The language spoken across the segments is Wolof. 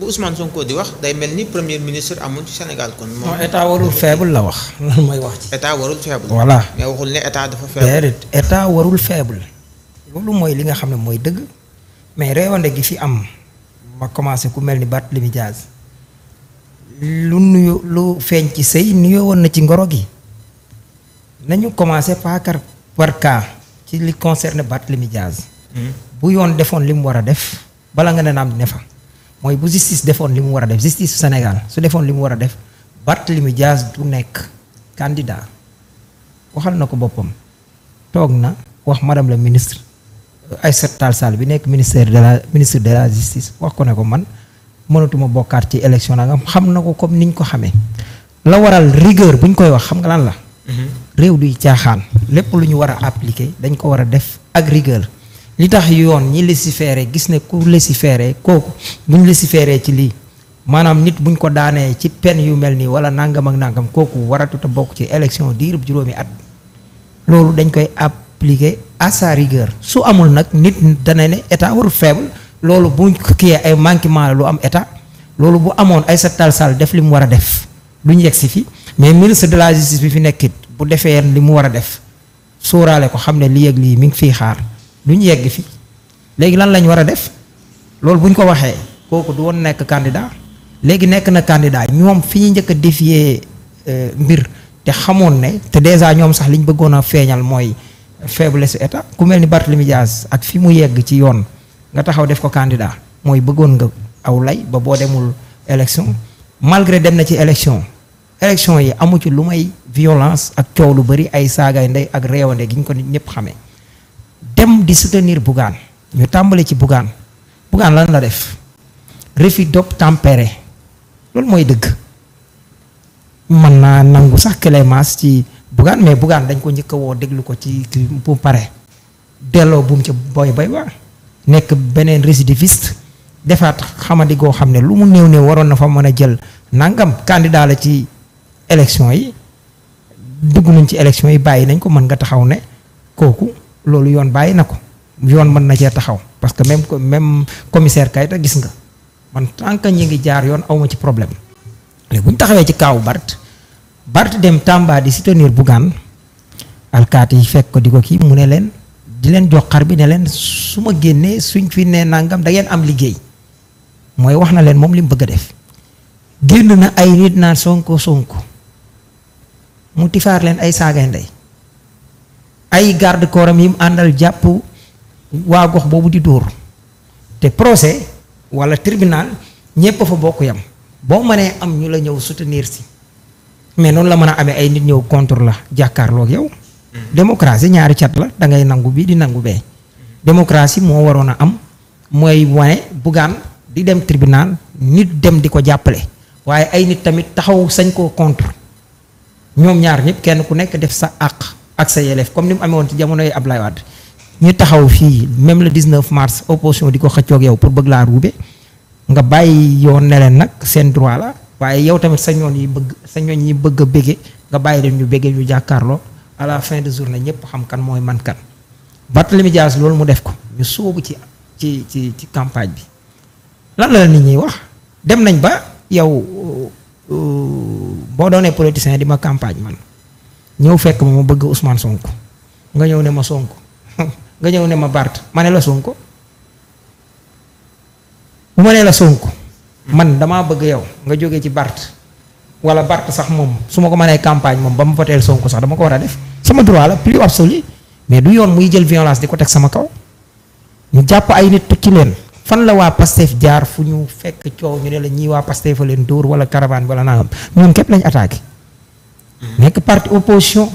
bu Ousmane Sonko di wax day mel ni premier ministre amul ci Sénégal kon. moom état warul faible la wax loolu mooy wax ci. état warul faible. voilà mais waxul ne état dafa faible. déedéet état warul faible. loolu mooy li nga xam ne mooy dëgg. mais réewande gi fi am. ma commencé ku mel ni Barthélémy Dias lu nuyu lu feeñ ci sëy nuyoo woon na ci ngoro gi nañu commencé par par ci li concerne Barthélémy Dias hmm. bu yoon defoon li mu war a def bala nga ne naam ne fa mooy bu justice defoon li mu war a def justice Sénégal su defoon li mu war a def Barthélemy Dias du nekk candidat waxal na ko boppam toog na wax madame la ministre euh, Aïssata Tall Sall bi nekk ministère de la ministre de la justice wax ko ne ko man mënatuma bokkaat ci élection na xam na ko comme niñ ko xamee la waral rigueur bu ñu koy wax xam nga lan la mm-hmm. réew duy caaxaan lépp lu ñu war a appliquer dañ ko war a def ak rigueur li tax yoon ñi légiféré gis ne ku légiféré kooku buñ légiféré ci lii maanaam nit buñ ko daanee ci pen yu mel nii wala nangam ak nangam kooku waratut a bokk ci élection diirub juróomi at loolu dañ koy appliquer à sa su amul nag nit dana ne état warul faible loolu buñ kiyee ay manquement lu am état loolu bu amoon ay sa tal sal def li mu war a def duñ yegg si fi mais ministre de la justice bi fi nekkit bu defee li mu war a def sóoraale ko xam ne lii ak lii mi ngi fiy xaar luñ yegg fi léegi lan lañ war a def loolu buñ ko waxee kooku du woon nekk candidat léegi nekk na candidat ñoom fi ñu njëkk a défier euh, mbir te xamoon ne te déjà ñoom sax liñ bëggoon a feeñal mooy faiblesse état ku mel ni Barthélemy Dias ak fi mu yegg ci yoon nga taxaw def ko candidat mooy bëggoon nga aw lay ba boo demul élection malgré dem na ci élection élection yi amu ci lu may violence ak coow lu bari ay saagaay ndey ak réewande gi ñu ko nit ñëpp xamee dem di soutenir Bougane ñu tàmbali ci Bougane Bougane lan la def refus d'obtempérer loolu mooy dëgg mën naa nangu sax clémence ci Bougane mais Bougane dañ ko njëkk a woo déglu ko ci bu pare delloo buum ca boy bay waa nekk beneen récidiviste defaat xamadi goo xam ne lu mu néew néew waroon na fa mën a jël nangam candidat la ci élection yi dugg nañ ci élection yi bàyyi nañ ko mën nga taxaw ne kooku loolu yoon bàyyi na ko yoon mën na cee taxaw parce que même même commissaire Kayta gis nga man tant que ñi ngi jaar yoon awma ci problème léegi bu taxawee ci kaawu Bart Bart dem Tamba di soutenir Bougane alkaati yi fekk ko di ko kii mu ne leen di leen jox xar bi ne leen su ma génnee suñ fi ne nangam da ngeen am liggéey mooy wax na leen moom li mu bëgg a def génn na ay nit naan sonko sonk mu tifaar leen ay saagay ndey ay garde corps yi mu àndal jàpp waa gox boobu di dóor te procès walla tribunal ñépp fa bokk yam boo ma mënee am ñu la ñëw soutenir si mais noonu la mën a amee ay nit ñëw contre la jàkkaarlook yow. Mm. démocratie ñaari cat la da ngay nangu bii di nangu bee. démocratie moo waroon a am mooy wane bugaan di dem tribunal nit dem di ko jàppale waaye ay nit tamit taxaw sañ koo contre ñoom ñaar ñëpp kenn ku nekk def sa àq. ak sa yelleef comme ni mu amee woon ci jamonoy Ablaye Wade ñu taxaw fii même le 19 mars opposition di ko xëccoog yow pour bëgg laa ruube nga bàyyi yoon ne leen nag seen droit la waaye yow tamit sa ñoon yi bëgg sa ñoon yi bëgg a bége nga bàyyi leen ñu bége ñu jàkkaarloo à fin de journée ñëpp xam kan mooy man kan Barthélémy Dias loolu mu def ko ñu sóobu ci ci ci ci campagne bi lan la nit ñuy wax dem nañ ba yow euh, euh, boo doonee politicien di ma campagne man ñëw fekk ma ma bëgg Ousmane sonk nga ñëw ne ma sonk nga ñëw ne ma Bart ma ne la Sonko bu ma ne la Sonko man damaa bëgg yow nga jóge ci barte wala Bart sax moom su ma ko mënee campagne moom ba mu voteel Sonko sax dama ko war a def sama droit la plus absolu mais du yoon muy jël violence di ko teg sama kaw ñu jàpp ay nit tucc leen fan la waa Pastef jaar fu ñu fekk coow ñu ne la ñii waa Pastef a leen dóor wala caravane wala nangam ñun képp lañ nekk parti opposition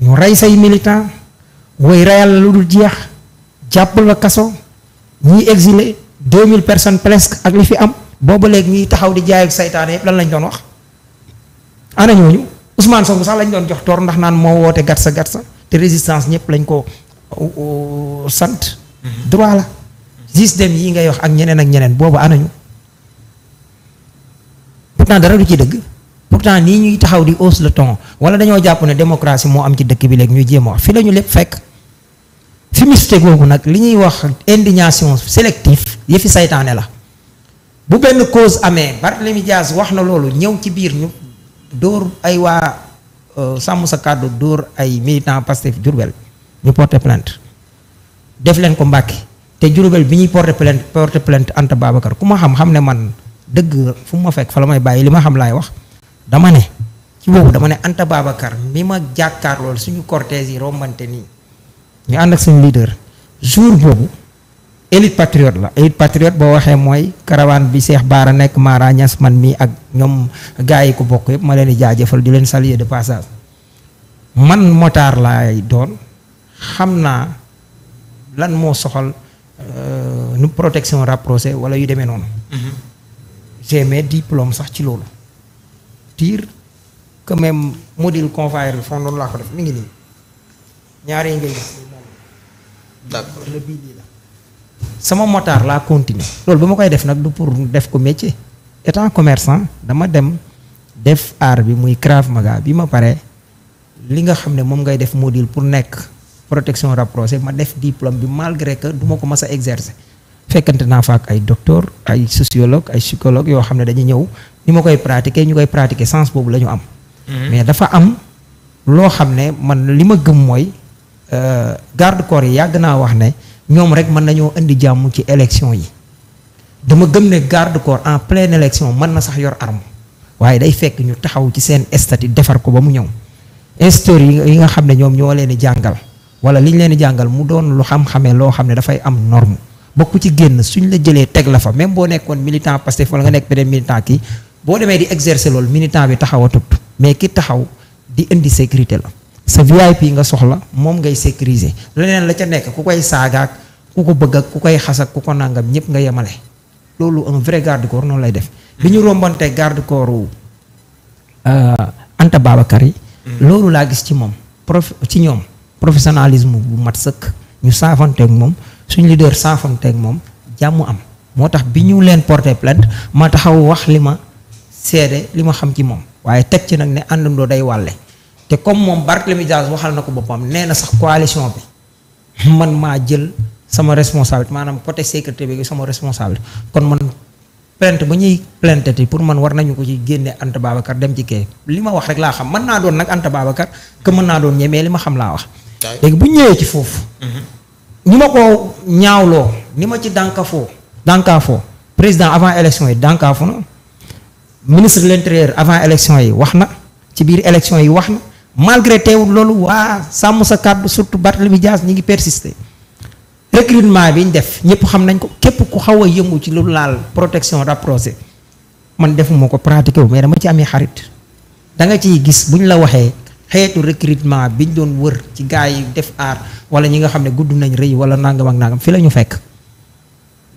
ñu rey say militant woy reyal la lu dul jeex jàpp la kaso ñiy exilé deux mille personnes presque ak li fi am booba léegi ñuy taxaw di jaay ak saytaane yëpp lan lañ doon wax ana ñooñu Ousmane Sonko sax lañ doon jox toor ndax naan moo woote sa gatsa sa te résistance ñëpp lañ ko uh, sant mhm. droit la gis yi ngay wax ak ñeneen ak ñeneen boobu anañu pourtant dara du ci dëgg pourtant nii ñuy taxaw di hausse le ton wala dañoo jàpp ne démocratie moo am ci dëkk bi léegi ñuy jéem wax fi la ñu lépp fekk fi miste googu nag li ñuy wax indignation sélective yëfi saytaane la bu benn cause amee Barthélemy Dias wax na loolu ñëw ci biir ñu dóor ay waa euh, sàmm sa kàddu dóor ay militant Pastef Diourbel ñu porter plainte def leen ko Mbàkke te Diourbel bi ñuy porter plainte porter plainte Anta Babacar ku ma xam xam ne man dëgg fu ma fekk fa la may bàyyi li ma xam laay wax dama ne ci boobu dama ne Anta Babacar mi ma jàkkaar lool suñu cortège yi rombante nii ñu ànd ak suñu leader jour boobu élite patriote la élite patriote boo waxee mooy caravane bi Cheikh Baara nekk Mara man mii ak ñoom gars yi ko bokk yëpp ma leen di jaajëfal di leen salier de passage man motard laay doon xam naa lan moo soxal euh, nu protection rapprochée wala yu demee noonu. Mm-hmm. j'ai mes sax ci loolu. dire que même module convoyeur bi fond noonu laa ko def mi ngi nii ñaar yi lii sama motard laa continuer loolu ba ma koy def nag du pour def ko métier étant commerçant dama dem def aar bi muy Krav Maga bi ma pare li nga xam ne moom ngay def module pour nekk protection rapprochée ma def diplôme bi malgré que duma ko mas a exercer fekkante naa fa ak ay docteur ay sociologue ay psychologue yoo xam ne dañuy ñëw ñu ma koy pratiquer ñu koy pratiquer sens boobu la ñu am. Mm-hmm. mais dafa am loo xam ne man li ma gëm mooy euh, garde corps yi yàgg naa wax ne ñoom rek mën nañoo indi jàmm ci élection yi dama gëm ne garde corps en pleine élection mën na sax yor arme waaye day fekk ñu taxaw ci seen statut defar ko ba mu ñëw instituteurs yi nga xam ne ñoom ñoo leen di jàngal wala li ñu jàngal mu doon lu ba ku ci génn suñ la jëlee teg la fa même boo nekkoon militant Pastef wala nga nekk beneen militant kii boo demee di exercer loolu militant bi a taxawatut mais ki taxaw di indi sécurité la sa VIP nga soxla moom ngay sécuriser leneen la ca nekk ku koy saagaak ku ko bëgg ak ku koy xas ak ku ko nangam ñëpp nga yemale loolu un vrai garde corps noonu lay def bi ñu rombante garde corps euh, Anta Babacar yi hmm. loolu laa gis ci moom prof ci ñoom professionnalisme bu mat sëkk ñu saafante moom suñ leader saafonteeg moom jàmm am moo tax bi ñu leen porté plainte ma taxaw wax li ma seede li ma xam ci moom waaye teg ci nag ne àndandoo day wàlle te comme moom Barthélémy Dias waxal na ko boppam nee na sax coalition bi man maa jël sama responsabilité maanaam côté sécurité bi sama responsabilité kon man plainte ba ñuy plainte ti pour man war nañu ko ci génne Anta Babacar dem ci kee li ma wax rek laa xam man naa doon nag Anta Babacar que mën naa doon ñemee li ma xam laa wax ni ma ko ñaawloo ni ma ci dànkafoo dànkafoo président avant élection yi dànkafu na ministre de l'intérieur avant élection yi wax na ci biir élection yi wax na malgré teewul loolu waa sàmm sa kàddu surtout Barthélemy Dias ñi ngi persister recrutement bi ñu def ñëpp xam nañ ko képp ku xaw yëngu ci lu laal protection rapprochée man defuma ko pratiqué wu mais ma ci amee xarit da nga ciy gis bu ñu la waxee xeetu recrutement biñ doon wër ci gars yi def aar wala ñi nga xam ne gudd nañ rëy wala nangam ak nangam fi la ñu fekk.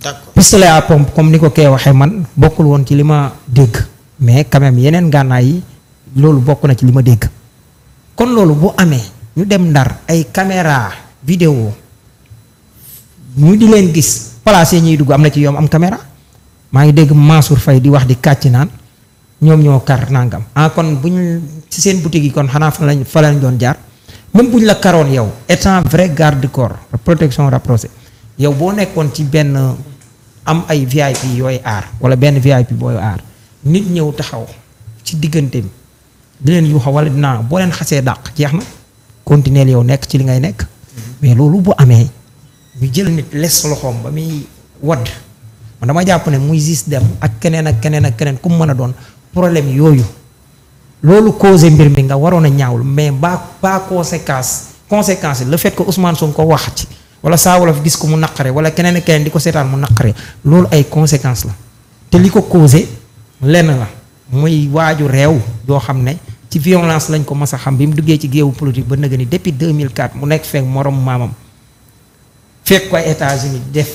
d'accord pistolet à pompe comme ni ko kee waxee man bokkul woon ci li ma dégg mais quand même yeneen gànnaay yi loolu bokk na ci li ma dégg. kon loolu bu amee ñu dem ndar ay caméra vidéo ñu di leen gis place yi ñuy dugg am na ci yoom am kamera maa ngi dégg Mansour Faye di wax di kàcc naan ñoom ñoo kar nangam. ah kon bu ñu ci seen boutique yi kon xanaa fa lañ fa lañ doon jaar même bu la karoon yow étant vrai garde corps protection rapprochée yow boo nekkoon ci benn am ay VIP yooyu aar wala benn VIP booy aar nit ñëw taxaw ci diggante bi di leen yuuxa wala dinaa boo leen xasee dàq jeex na continuer yow nekk ci li ngay nekk. mais loolu bu amee ñu jël nit les loxoom ba muy wadd man dama jàpp ne muy gis ak keneen ak keneen ak keneen ku mu mën a doon. problème yooyu loolu causé mbir mi nga waroon a ñaawul mais ba ba conséquence conséquence le fait que Ousmane Sonko ko wax ci wala Saa Wolof gis ko mu naqare wala keneen keneen di ko seetaan mu naqare loolu ay conséquence la te li ko causé lenn la muy waaju réew yoo xam ne ci violence lañ ko mas a xam bi mu duggee ci géewu politique ba nëgë ni mille 2004 mu nekk feek morom maamam fekk ko États-Unis def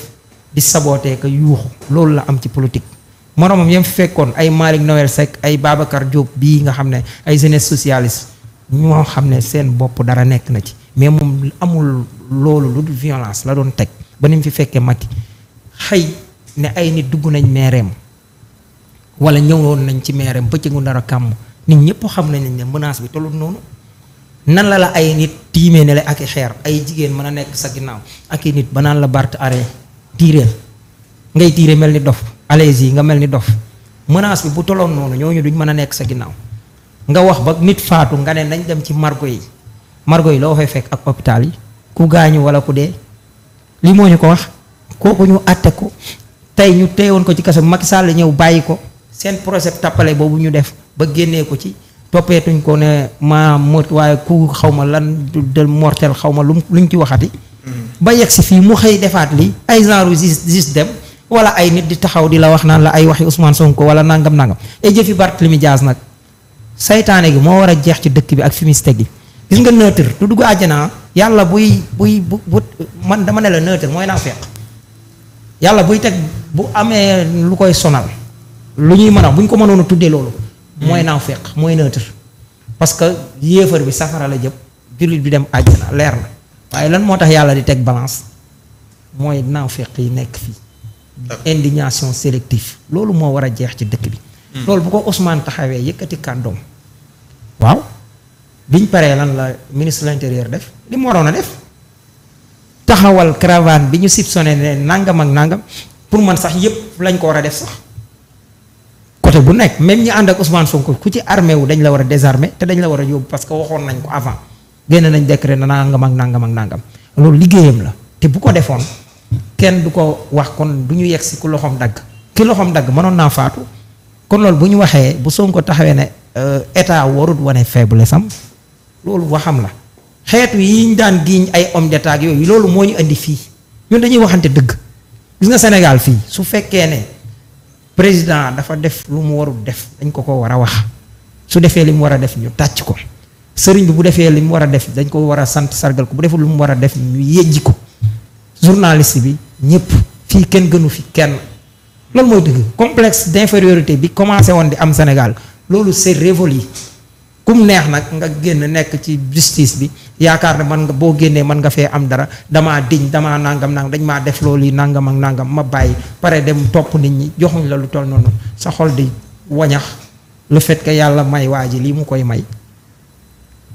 di saboter ko yuuxu loolu la am ci politique moromam yam fekkoon ay Malick Noël sekk ay Babacar Diop bii nga xam ne ay jeunesse socialiste ñoo xam ne seen bopp dara nekk na ci mais moom amul loolu lu dul violence la doon teg ba ni mu fi fekkee Macky xëy ne ay nit dugg nañ meereem wala ñëwoon nañ ci meereem bëccëgu dara kàmm nit ñëpp xam nañ ne menace bi tollu noonu nan la la ay nit tiime ne la ak i xeer ay jigéen mën a nekk sa ginnaaw ak i nit ba naan la barte arrêt tiireel ngay tiire mel ni dof allez-y nga mel ni dof menace bi bu toloon noonu ñoo ñooñu duñ mën a nekk sa ginnaaw nga wax ba nit faatu nga ne nañ dem ci margo yi margo yi loo fay fekk ak hôpital yi ku gaañu wala ku dee lii moo ñu ko wax kooku ñu àtte ko tey ñu teewoon ko ci kaso Macky Sall ñëw bàyyi ko seen projet tappale boobu ñu def ba génnee ko ci toppeetuñ ko ne ma mët waaye ku xawma lan del mortel xawma lu luñ ci waxati mm-hmm. ba yegg fii mu xëy defaat li ay genre justice dem wala ay nit di taxaw di la wax naan la ay waxi Ousmane Sonko wala nangam nangam et jëfi Barthélemy Dias nag seytaane gi moo war a jeex ci dëkk bi ak fumiste gi gis nga neutre du dugg àjjana yàlla buy buy bu bu man dama ne la neutre mooy naa feq yàlla buy teg bu amee lu koy sonal lu ñuy mën a bu ñu ko mënoon a tuddee loolu. mooy mm. naa feq mooy neutre. parce que yéefar bi safara la jëm jullit bi dem àjjana leer na waaye lan moo tax yàlla di teg balance mooy naa feq yi nekk fii. indignation sélective loolu moo war a jeex ci dëkk bi hmm. loolu bu ko Ousmane taxawee yëkkati kàddoom waaw biñ paree lan la ministre de l'intérieur def li mu waroon a def taxawal caravane bi ñu soupçonné ne nangam ak nangam pour man sax yépp lañ ko war a def sax côté bu nekk même ñi ànd ak Ousmane Sonko ku ci armé wu dañ la war a désarmé te dañ la war a yóbbu parce que waxoon nañ ko avant génn nañ décret na nangam ak nangam ak nangam loolu liggéeyam la te bu ko defoon kenn du ko wax kon du ñu yegg si ku loxoom dagg ki loxoom dagg mënoon naa faatu kon loolu bu ñu waxee bu Sonko taxawee ne euh, état warut wane faiblesse am loolu waxam la xeetu yi ñu daan giiñ ay homme d'état yooyu loolu moo ñu indi fii ñun dañuy waxante dëgg gis nga Sénégal fii su fekkee ne président dafa def lu mu warul def dañ ko ko war a wax su defee li mu war a def ñu tàcc ko sëriñ bi bu defee li mu war a def dañ ko war sant sargal ko bu deful lu mu war a def ñu ko journaliste bi ñëpp fii kenn gënu fi kenn loolu mooy dëgg complexe d'infériorité bi commencé woon di am Sénégal loolu c'est révolu kum neex nag nga génn nekk ci justice bi yaakaar ne man nga boo génnee mën nga fee am dara damaa diñ damaa nangam nangam dañ maa def loolu yi nangam ak nangam ma bàyyi pare dem topp nit ñi joxuñ la lu toll noonu sa xol di wañax lu fait que yàlla may waa ji lii mu koy may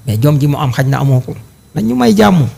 mais jom ji mu am xaj na amoo ko nañ may jàmm